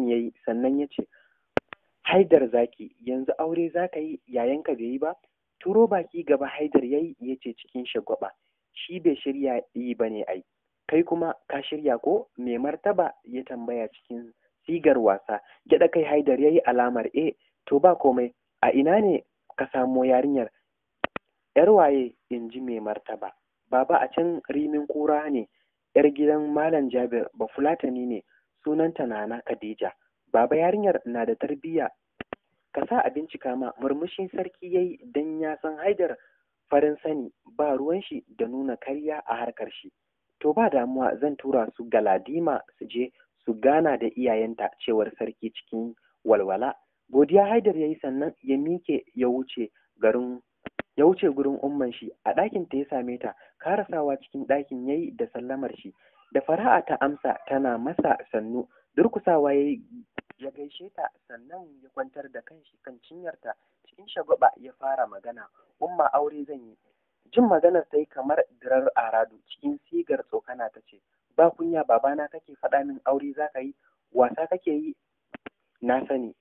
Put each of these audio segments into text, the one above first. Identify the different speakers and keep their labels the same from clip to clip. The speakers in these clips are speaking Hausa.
Speaker 1: mutum ya yi sannan ya ce haidar zaki yanzu aure za ka yi yayanka bai yi ba turo baki gaba haidar ya yi ya ce cikin shagwaba shi bai shirya yi ba ne ai kai kuma ka shirya ko mai martaba ya tambaya cikin sigar wasa gyaɗa kai haidar ya yi alamar e to ba komai a ina ne ka samo yarinyar yar waye in ji mai martaba baba a can rimin kura ne yar gidan malam jabir bafulatani ne sunanta Nana Khadija. Baba yarinyar na da tarbiyya ka sa a bincika ma murmushin sarki ya yi don ya san haidar farin sani ba ruwan shi da nuna karya a harkar shi. To ba damuwa zan tura su Galadima su je su gana da iyayenta cewar sarki cikin walwala. Godiya haidar ya yi sannan ya mike ya wuce garin ya wuce gurin umman shi a ɗakin ta ya same ta karasawa cikin ɗakin yayi da sallamar shi da fara'a ta amsa tana masa sannu durkusawa ya ya gaishe ta sannan ya kwantar da kanshi kan cinyarta cikin shagwaba ya fara magana umma aure zan yi jin maganar ta yi kamar dirar aradu cikin sigar tsokana ta ce ba kunya babana kake faɗa min aure za ka yi wasa kake yi na sani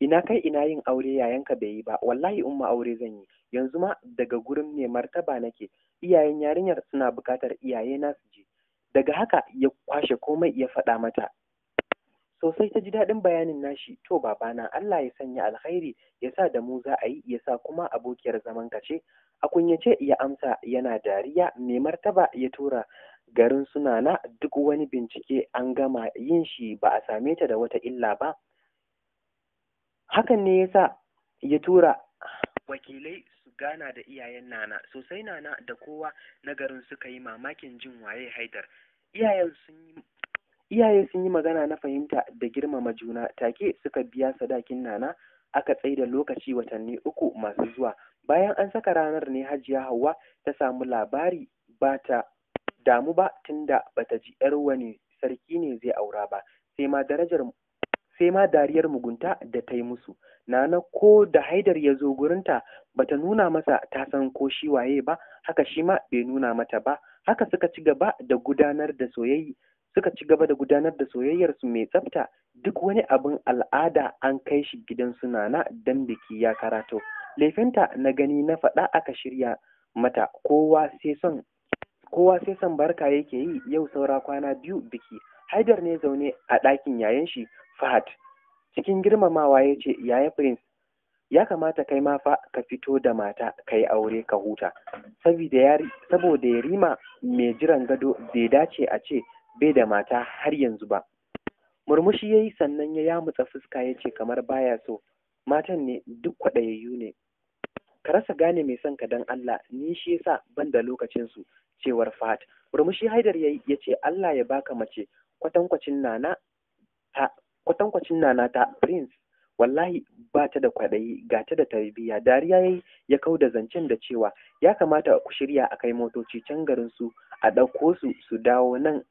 Speaker 1: ina kai ina yin aure yayanka bai yi ba wallahi umma aure zan yi yanzu ma daga gurin mai martaba nake iyayen yarinyar suna bukatar iyaye na su je daga haka ya kwashe komai ya faɗa mata sosai ta ji daɗin bayanin nashi to babana Allah ya sanya alkhairi ya sa da mu za a yi ya sa kuma abokiyar zaman ka ce a kunyace ya amsa yana dariya mai martaba ya tura garin suna na duk wani bincike an gama yin shi ba a same ta da wata illa ba hakan ne ya sa ya tura wakilai gana da iyayen nana sosai nana da kowa na garin suka yi mamakin jin waye haidar iyayen sun yi iyaye sun yi magana na fahimta da girmama juna take suka biya sadakin nana aka tsaida lokaci watanni uku masu zuwa bayan an saka ranar ne hajiya Hauwa ta samu labari ba ta damu ba tunda ba ta ji yar wani sarki ne zai aura ba sai ma darajar sai ma dariyar mugunta da ta yi musu nana ko da haidar ya zo gurinta ta nuna masa ta san ko shi waye ba haka shi ma bai nuna mata ba haka suka ci gaba da gudanar da soyayyi suka ci gaba da gudanar da soyayyarsu mai tsafta duk wani abin al'ada an kai shi gidan su nana dan biki ya karato laifinta na gani na faɗa aka shirya mata kowa sai son kowa sai son barka yake yi yau saura kwana biyu biki haidar ne zaune a ɗakin yayan shi Fahad cikin girmamawa ya ce yaya Prince ya kamata kai ma fa ka fito da mata ka yi aure ka huta saboda ya rima mai jiran gado bai dace a ce bai da mata har yanzu ba murmushi ya yi sannan ya yamutsa fuska ya ce kamar baya so matan ne duk kwaɗayayyu ne ka rasa gane mai son ka dan Allah ni shi yasa ban da lokacin su cewar Fahad murmushi Haidar ya ce Allah ya baka mace kwatankwacin nana ta kwatankwacin nana ta prince wallahi ba ta da kwaɗayi ga ta da tarbiyya dariya yayi ya kau da zancen da cewa ya kamata ku shirya a kai motoci can garin su a ɗauko su su dawo nan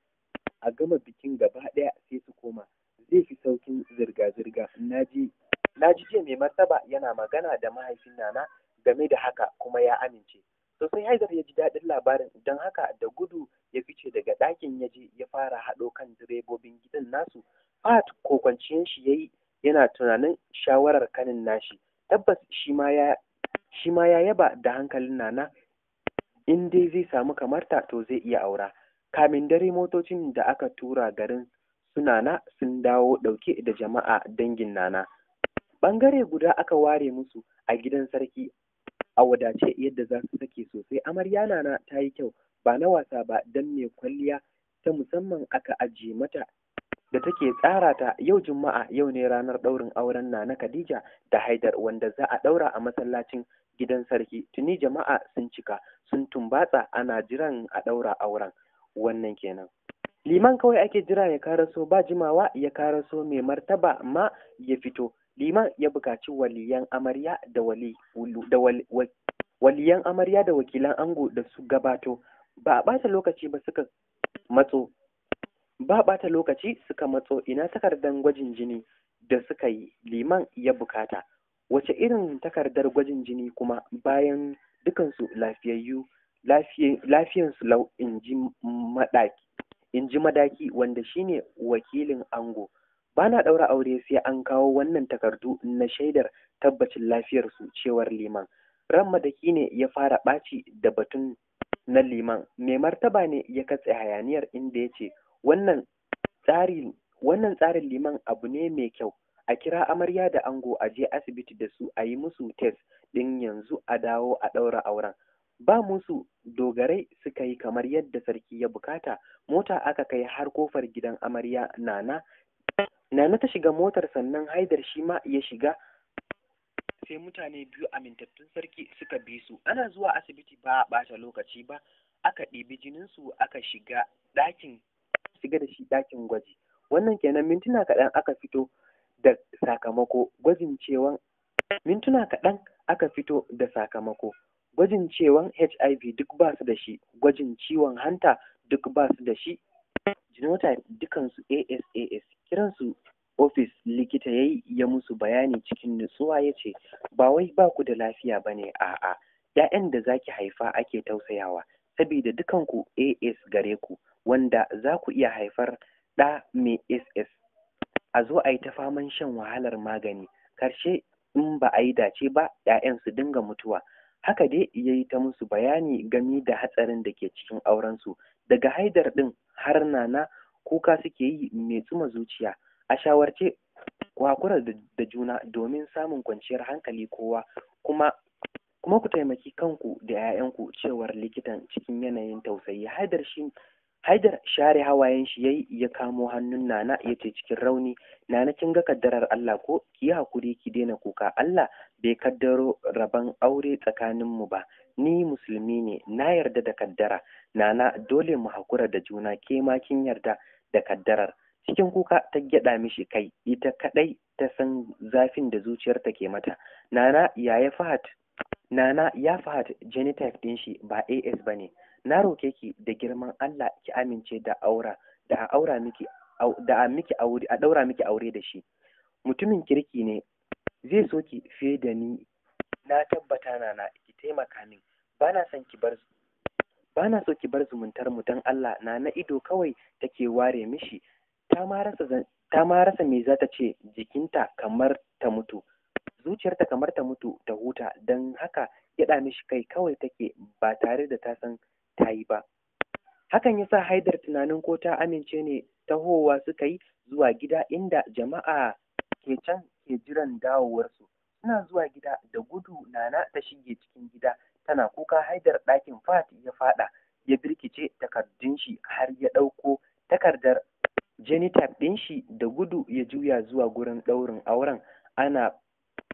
Speaker 1: a gama bikin gaba ɗaya sai su koma zai fi saukin zirga-zirga naji naji jiya mai martaba yana magana da mahaifin nana game da haka kuma ya amince sosai haizar ya ji daɗin labarin don haka da gudu ya fice daga ɗakin ya je ya fara haɗo kan direbobin gidan nasu Fat ko kwanciyar shi yayi yana tunanin shawarar kanin nashi tabbas shi ya yaba da hankalin nana in dai zai samu kamarta to zai iya aura kamin dare motocin da aka tura garin sunana sun dawo ɗauke da jama'a dangin nana bangare guda aka ware musu a gidan sarki a wadace yadda za su sake sosai amarya nana ta yi kyau ba na wasa ba don mai kwalliya ta musamman aka ajiye mata da take tsara ta yau juma'a yau ne ranar ɗaurin auren nana khadija da haidar wanda za a ɗaura a masallacin gidan sarki tuni jama'a sun cika sun tumbatsa ana jiran a ɗaura auren wannan kenan liman kawai ake jira ya karaso ba jimawa ya karaso mai martaba ma ya fito liman ya bukaci waliyan amarya da wali, da waliyan amarya da wakilan ango da su gabato ba a ɓata lokaci ba suka matso ba ɓata lokaci suka matso ina takardar gwajin jini da suka yi liman ya bukata wace irin takardar gwajin jini kuma bayan dukansu lafiyayyu lafiyansu lau in ji madaki wanda shine wakilin ango ba na ɗaura aure sai an kawo wannan takardu na shaidar tabbacin lafiyarsu cewar liman ran madaki ne ya fara ɓaci da batun na liman mai martaba ne ya katse hayaniyar inda ya ce wannan tsari wannan tsarin liman abu ne mai kyau a kira amarya da ango a je asibiti da su a yi musu test ɗin yanzu a dawo a ɗaura auren ba musu dogarai suka yi kamar yadda sarki ya bukata mota aka kai har kofar gidan amarya nana nana ta shiga motar sannan haidar shi ma ya shiga sai mutane biyu amintattun sarki suka bi su ana zuwa asibiti ba a ɓata lokaci ba aka ɗibi jininsu aka shiga ɗakin shiga da shi ɗakin gwaji wannan kenan mintuna kaɗan aka fito da sakamako gwajin cewan mintuna kaɗan aka fito da sakamako gwajin cewan hiv duk ba su da shi gwajin ciwon hanta duk ba su da shi genotype dukansu asas kiransu ofis likita yayi ya musu bayani cikin nutsuwa ya ce ba wai ba ku da lafiya ba ne a'a 'ya'yan da zaki haifa ake tausayawa sabida dukanku as gare ku wanda za ku iya haifar ɗa mai ss a zo a yi ta faman shan wahalar magani karshe in ba a yi dace ba 'ya'yan su dinga mutuwa haka dai ya yi ta musu bayani gami da hatsarin da ke cikin aurensu daga haidar ɗin har nana kuka suke yi mai tsuma zuciya a shawarce wakura da juna domin samun kwanciyar hankali kowa kuma kuma ku taimaki kanku da 'ya'yanku cewar likitan cikin yanayin tausayi haidar shi haidar share hawayen shi yayi ya kamo hannun nana ya ce cikin rauni nana kin ga kaddarar Allah ko ki hakuri ki daina kuka Allah bai kaddaro rabon aure tsakanin mu ba ni musulmi ne na yarda da kaddara nana dole mu hakura da juna ke ma kin yarda da kaddarar cikin kuka ta gyada mishi kai ita kadai ta san zafin da zuciyarta ke mata nana yaya fahad nana ya fahad genotype din shi ba as bane na roke ki da girman Allah ki amince da aura da a aura miki da a miki aure a daura miki aure da shi mutumin kirki ne zai so ki fiye da ni na tabbata na na ki taimaka min bana son ki bar bana so ki bar zumuntar mu dan Allah na na ido kawai take ware mishi ta ma rasa ta ma rasa me za ta ce jikinta kamar ta mutu zuciyarta kamar ta mutu ta huta don haka ya mishi kai kawai take ba tare da ta san ta ba hakan ya sa haidar tunanin ko ta amince ne tahowa suka yi zuwa gida inda jama'a ke can ke jiran dawowarsu suna zuwa gida da gudu nana ta shige cikin gida tana kuka haidar ɗakin fat ya faɗa ya birkice takardun shi har ya ɗauko takardar genital ɗin shi da gudu ya juya zuwa gurin ɗaurin auren ana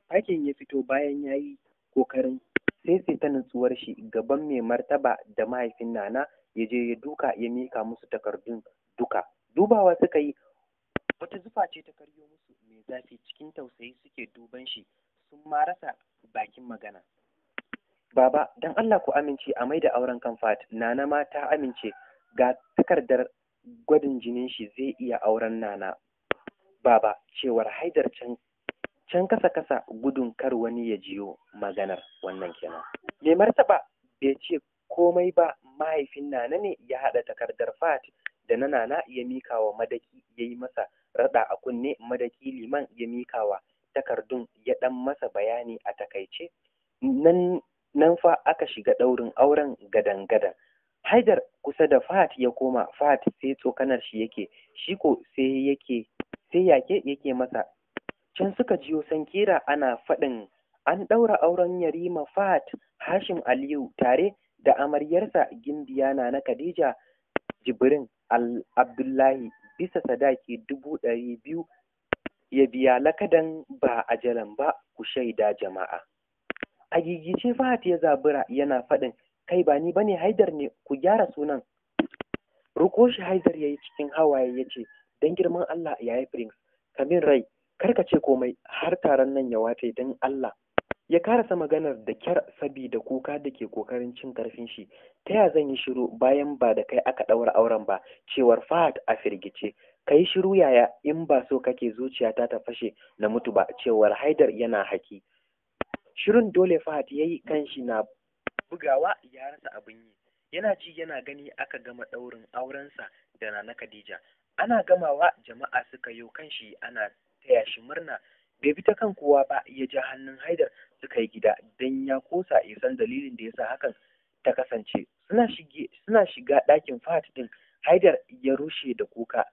Speaker 1: fakin ya fito bayan ya yi ƙoƙarin sai sai ta nutsuwar shi gaban mai martaba da mahaifin nana ya je ya duka ya mika musu takardun duka dubawa suka yi wata zufa ce ta karyo musu mai zafi cikin tausayi suke duban shi sun ma rasa bakin magana baba dan Allah ku amince a mai da auren kan fat nana ma ta amince ga takardar gwadin jinin shi zai iya auren nana baba cewar haidar can can kasa kasa gudun kar wani ya jiyo maganar wannan kenan mai martaba bai ce komai ba mahaifin nana ne ya haɗa takardar fat da na nana ya mika wa madaki ya yi masa raɗa a kunne madaki liman ya mika wa takardun ya ɗan masa bayani a takaice nan fa aka shiga ɗaurin auren gadan-gadan haidar kusa da fat ya koma fat sai tsokanar shi yake shi sai yake sai yake yake masa can suka jiyo sankira ana faɗin an ɗaura auren yarima Fahad hashim aliyu tare da amaryarsa gimbiya na na khadija jibrin abdullahi bisa sadaki dubu ɗari biyu ya biya lakadan ba a ba ku shaida jama'a a gigice fahad ya zabura yana faɗin kai ba ni bane haidar ne ku gyara sunan ruko shi haidar ya yi cikin hawaye ya ce don girman allah ya yi prince kamin rai Kar ka ce komai har taron nan ya wace don Allah. Ya karasa maganar da kyar sabida kuka da ke kokarin cin karfin shi. Ta ya zan yi shiru bayan ba da kai aka ɗaura auren ba, cewar Fahad a firgice. Ka yi shiru yaya in ba so kake zuciya ta fashe na mutu ba, cewar Haidar yana haki. Shirin dole Fahad ya yi kanshi na bugawa ya rasa abin yi. Yana ci yana gani aka gama ɗaurin aurensa da na Khadija. Ana gamawa jama'a suka yo kanshi ana taya shi murna bai bi ta kan kowa ba ya ja hannun haidar suka yi gida don ya kosa ya san dalilin da ya sa hakan ta kasance suna shiga ɗakin fat ɗin haidar ya rushe da kuka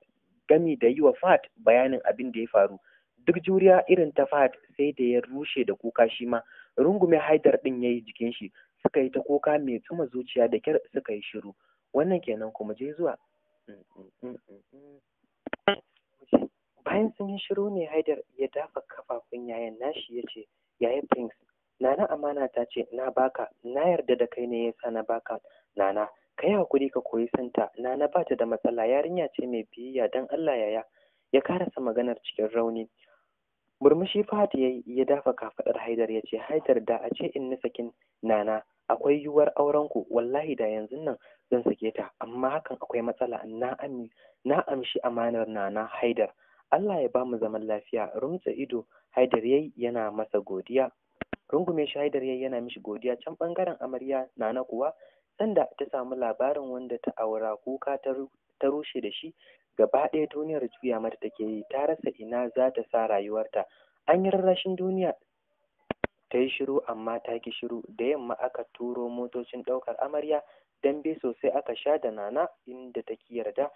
Speaker 1: gami da yi wa fat bayanin abin da ya faru duk juriya irin ta fat sai da ya rushe da kuka shi ma rungume haidar ɗin ya yi jikin shi suka yi ta kuka mai tsuma zuciya da kyar suka yi shiru wannan kenan kuma je zuwa mm, mm, mm, bayan sun yi shiru ne haidar ya dafa kafafun yayan nashi ya ce yaya prince nana amana ta ce na baka na yarda da kai ne sa na baka nana ka yi hakuri ka koyi santa nana ba ta da matsala yarinya ce mai biyayya don allah yaya ya karasa maganar cikin rauni murmushi fahad ya ya dafa kafaɗar haidar ya ce haidar da a ce in na nana akwai yiwuwar aurenku wallahi da yanzu nan zan sake ta amma hakan akwai matsala na amshi amanar nana haidar Allah ya ba mu zaman lafiya rumtsa ido haidar yayi yana masa godiya rungume shi haidar yayi yana mishi godiya can bangaren amarya nana kuwa sanda ta samu labarin wanda ta aura kuka ta rushe da shi gaba ɗaya duniyar juya mata take yi ta rasa ina za ta sa rayuwarta an yi rarrashin duniya ta yi shiru amma ta ki shiru da yamma aka turo motocin ɗaukar amarya dambe sosai aka sha da nana inda take yarda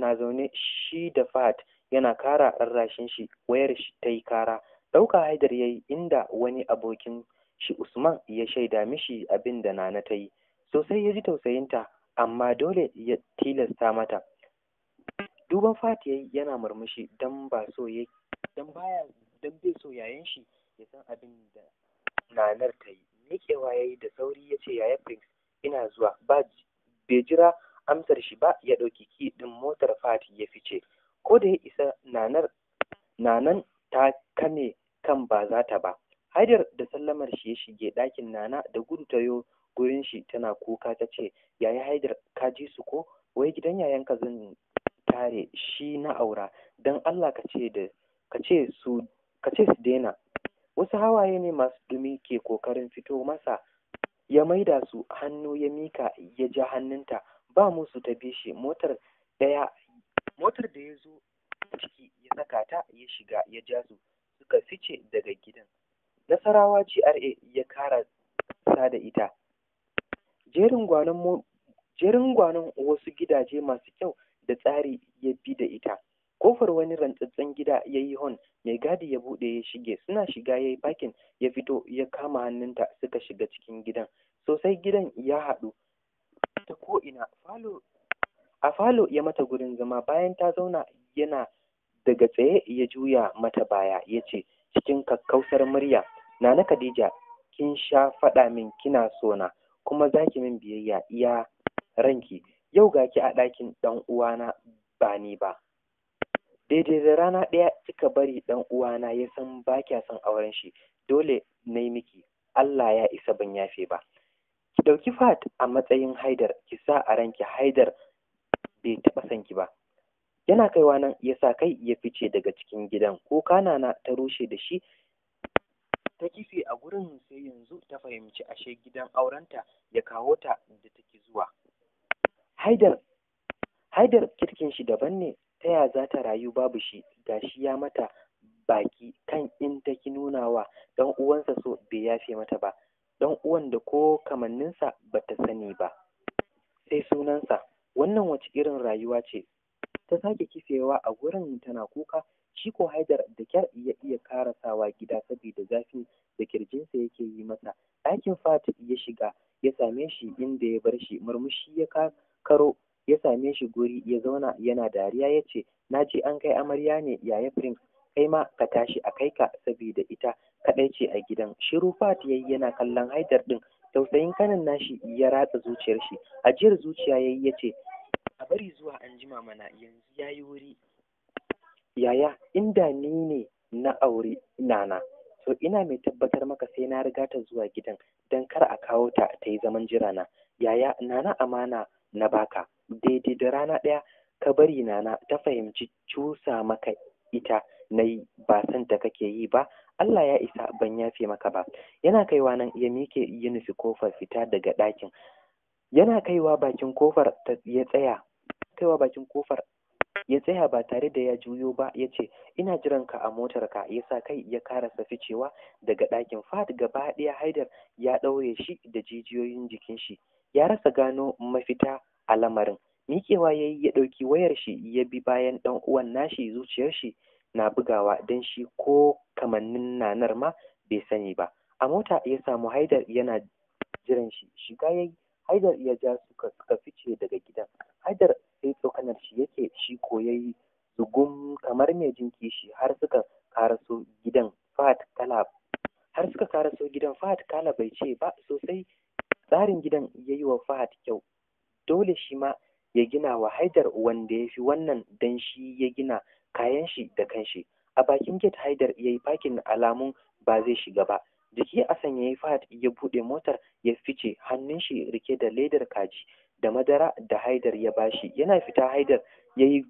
Speaker 1: na zaune shi da fat yana kara rarrashin shi wayar shi ta yi kara ɗauka haidar ya yi inda wani abokin shi Usman ya shaida mishi abinda da Nana ta yi sosai ya ji tausayinta amma dole ya tilasta mata duban fat ya yi yana murmushi don ba so ya don baya don bai so yayan shi ya san abin da Nanar ta yi miƙewa ya yi da sauri ya ce yaya Prince ina zuwa ba bai jira amsar shi ba ya ɗauki ki ɗin motar fati ya fice ko da ya isa nanar nanan ta kame kan ba za ta ba haidar da sallamar shi ya shige ɗakin nana da gudu ta yo gurin shi tana kuka ta ce yayi haidar ka ji su ko wai gidan yayanka zan tare shi na aura don allah ka ce su ka ce su daina wasu hawaye ne masu dumi ke kokarin fito masa ya maida su hannu ya mika ya ja hannunta ba musu ta bi shi motar daya motar da ya zo ciki ya saka ta ya shiga ya ja su suka fice daga gidan nasarawa GRA ya kara sa da ita jerin gwanon wasu gidaje masu kyau da tsari ya bi da ita kofar wani rantsatsen gida ya yi hon mai gadi ya buɗe ya shige suna shiga ya yi bakin ya fito ya kama hannunta suka shiga cikin gidan sosai gidan ya haɗu ta ko'ina a falo ya mata gurin zama bayan ta zauna yana daga tsaye ya juya mata baya ya ce cikin kakkausar murya nana khadija kin sha faɗa min kina sona kuma za ki min biyayya iya ranki yau ga ki a ɗakin ɗan uwana ba ni ba daidai da rana ɗaya kika bari ɗan uwana ya san ba kya son auren shi dole na miki Allah ya isa ban yafe ba Dauki ɗauki fat a matsayin haidar ki sa a ranki haidar bai taɓa son ki ba yana kaiwa nan ya sa kai ya fice daga cikin gidan ko kanana ta rushe da shi ta kife a gurin sai yanzu ta fahimci ashe gidan aurenta ya kawo ta da take zuwa haidar haidar kirkin shi daban ne ta ya za ta rayu babu shi ga shi ya mata baki kan in ta ki nuna wa dan uwansa so bai yafe mata ba Dan uwan da ko kamanninsa ba ta sani ba sai sunansa wannan wace irin rayuwa ce ta sake kifewa a gurin tana kuka shi ko haidar da kyar ya iya karasawa gida saboda zafin da kirjinsa yake yi masa ɗakin fati ya shiga ya same shi inda ya bar shi murmushi ya karo ya same shi guri ya zauna yana dariya ya ce na ce an kai amarya ne yaya prince kai ma ka tashi a kai ka saboda ita kaɗai ce a gidan shiru fat yayi yana kallon haidar ɗin tausayin kanin nashi ya ratsa zuciyar shi ajiyar zuciya yayi yace a bari zuwa anjima jima mana yanzu yayi wuri yaya inda ni ne na aure nana to ina mai tabbatar maka sai na riga ta zuwa gidan dan kar a kawo ta ta yi zaman jira na yaya nana amana na baka daidai da rana ɗaya ka bari nana ta fahimci cusa maka ita na yi ba san da kake yi ba Allah ya isa ban yafe maka ba yana kaiwa nan ya mike ya nufi kofar fita daga ɗakin yana kaiwa bakin kofar ya tsaya kaiwa bakin kofar ya tsaya ba tare da ya juyo ba ya ce ina jiran ka a motarka ya sa kai ya karasa ficewa daga ɗakin fat gaba ɗaya haidar ya ɗaure shi da jijiyoyin jikin shi ya rasa gano mafita a lamarin miƙewa ya yi ya ɗauki wayar shi ya bi bayan ɗan uwan nashi zuciyar shi na bugawa don shi ko kamannin nanar ma bai sani ba a mota ya samu haidar yana jiran shi shiga ya yi haidar ya ja suka suka fice daga gidan haidar sai tsokanar shi yake shi ko ya yi kamar mai jin kishi har suka karaso gidan fat kala har suka karaso gidan fat kala bai ce ba sosai tsarin gidan ya yi wa fat kyau dole shi ma ya gina wa haidar wanda ya fi wannan dan shi ya gina kayan shi da kanshi a bakin gate haidar ya yi fakin alamun ba zai shiga ba jiki a sanya ya fahad ya buɗe motar ya fice hannun shi rike da ledar kaji da madara da haidar ya bashi yana fita haidar ya yi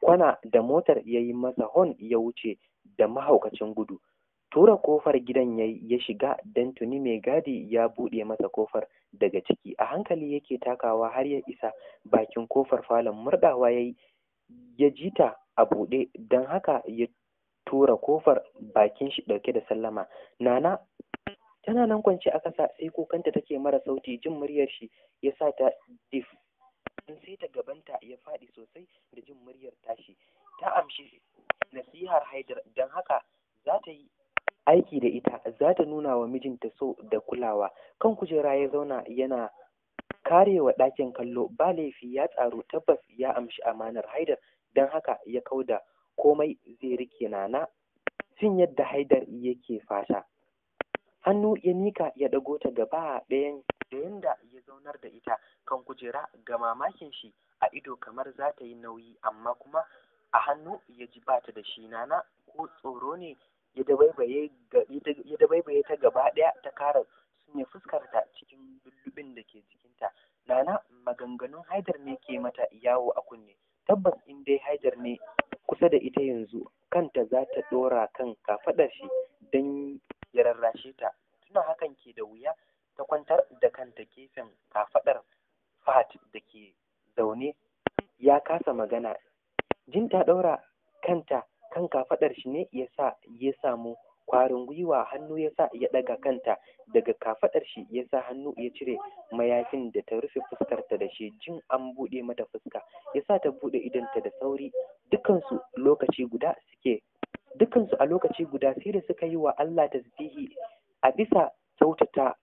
Speaker 1: kwana da motar ya yi masa hon ya wuce da mahaukacin gudu tura kofar gidan ya, ya shiga don tuni mai gadi ya buɗe masa kofar daga ciki a hankali yake takawa har ya isa bakin kofar falon murɗawa ya yi ya ji a buɗe don haka ya tura kofar bakin shi ɗauke da sallama nana tana nan kwance a ƙasa sai kukanta take mara sauti jin muryar shi ya sa ta dif sai ta gabanta ya faɗi sosai da jin muryar tashi ta amshi nasihar haidar don haka za ta yi aiki da ita za ta nuna wa mijinta so da kulawa kan kujera ya zauna yana karewa ɗakin kallo ba laifi ya tsaro tabbas ya amshi amanar haidar don haka ya kauda komai zai rike nana cin yadda haidar yake fata hannu ya nika ya ɗago ta gaba ɗayan da yanda ya zaunar da ita kan kujera ga mamakin shi a ido kamar za ta yi nauyi amma kuma a hannu ya ji bata da shi nana ko tsoro ne ya dabaibaye ta gaba ɗaya ta kara sanya fuskarta cikin lullubin da ke jikinta. Nana maganganun Haidar ne ke mata yawo a kunne. Tabbas in dai Haidar ne kusa da ita yanzu kanta za ta ɗora kan kafaɗar shi don ya rarrashe ta. Suna hakan ke da wuya ta kwantar da kanta gefen kafaɗar Fat da ke zaune ya kasa magana. Jin ta ɗaura kanta kan kafaɗar shi ne ya sa ya samu kwarin gwiwa hannu ya sa ya ɗaga kanta daga kafaɗar shi ya sa hannu ya cire mayafin da ta rufe fuskarta da shi jin an buɗe mata fuska ya sa ta buɗe idonta da sauri dukansu lokaci guda suke dukansu a lokaci guda sai da suka yi wa Allah tasbihi a bisa kyautata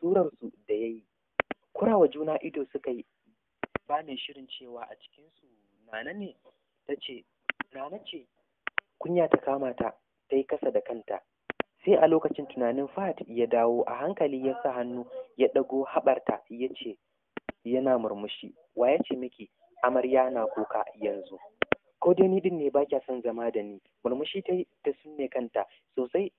Speaker 1: surarsu da ya yi kurawa juna ido suka yi ba mai shirin cewa a cikinsu nana ne ta ce nana ce kunya ta kama ta Sai kasa da kanta sai a lokacin tunanin fahad ya dawo a hankali ya sa hannu ya ɗago haɓarta ya ce yana murmushi wa ya ce miki amarya na kuka yanzu ko dai ni din ne ba kya son zama da ni murmushi ta ta sunne kanta sosai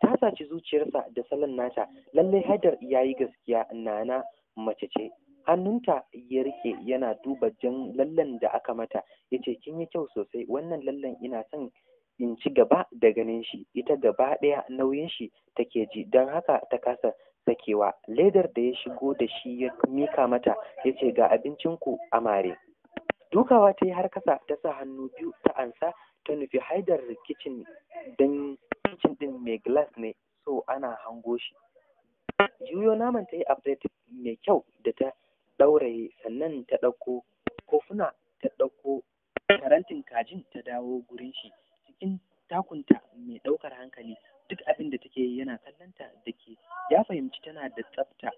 Speaker 1: ta saci zuciyarsa da salon nata lallai Haidar ya yi gaskiya nana mace ce hannunta ya rike yana duba jan lallan da aka mata ya ce kin yi kyau sosai wannan lallan ina son in ci gaba da ganin shi ita gaba ɗaya nauyin shi take ji don haka ta kasa sakewa ledar da ya shigo da shi ya mika mata ya ce ga abincinku amare dukawa ta yi har kasa ta sa hannu biyu ta ansa ta nufi haidar kicin don kicin din mai glass ne so ana hango shi juyo naman ta yi update mai kyau da ta ɗauraye sannan ta ɗauko kofuna ta ɗauko karantin kajin ta dawo gurin shi motsin takunta mai ɗaukar hankali duk abin da take yana kallonta da ke ya fahimci tana da tsafta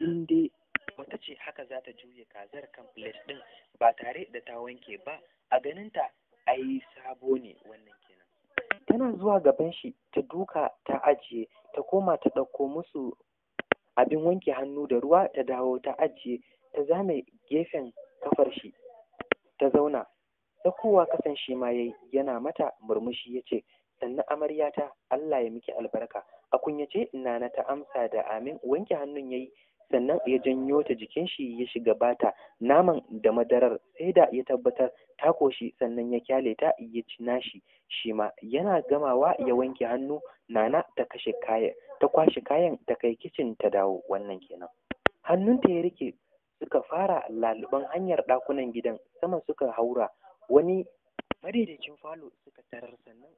Speaker 1: in dai wata ce haka za ta juya kazar kan plate ɗin ba tare da ta wanke ba a ganinta yi sabo ne wannan kenan tana zuwa gaban shi ta duka ta ajiye ta koma ta ɗauko musu abin wanke hannu da ruwa ta dawo ta ajiye ta zame gefen kafar shi ta zauna da kowa kasan shi ma yayi yana mata murmushi ya ce sannan amaryata Allah ya miki albarka a kunyace nana ta amsa da amin wanke hannun yayi sannan ya janyo ta jikin shi ya shiga bata naman da madarar sai da ya tabbatar ta koshi sannan ya kyale ta ya ci nashi shi ma yana gamawa ya wanke hannu nana ta kashe kayan ta kwashe kayan ta kai kicin ta dawo wannan kenan hannunta ya rike suka fara laluban hanyar dakunan gidan sama suka haura wani madaidaicin falo suka tarar sannan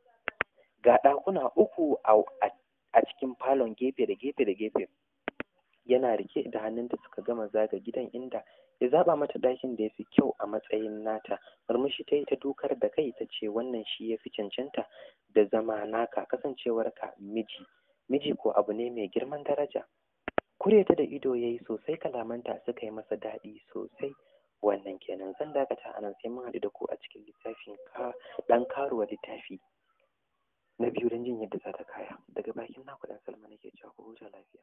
Speaker 1: ga ɗakuna uku a cikin falon gefe da gefe da gefe yana rike da hannun da suka gama zaga gidan inda ya zaba mata ɗakin da ya fi kyau a matsayin nata murmushi ta yi ta dukar da kai ta ce wannan shi ya fi cancanta da zama naka kasancewarka miji miji ko abu ne mai girman daraja kure ta da ido ya yi sosai kalamanta suka yi masa daɗi sosai wannan kenan zan dakata anan sai mun haɗu da ku a cikin littafin ɗan karuwa littafi na biyu don jin yadda za ta kaya daga bakin naku ɗan salma nake cewa ku huta lafiya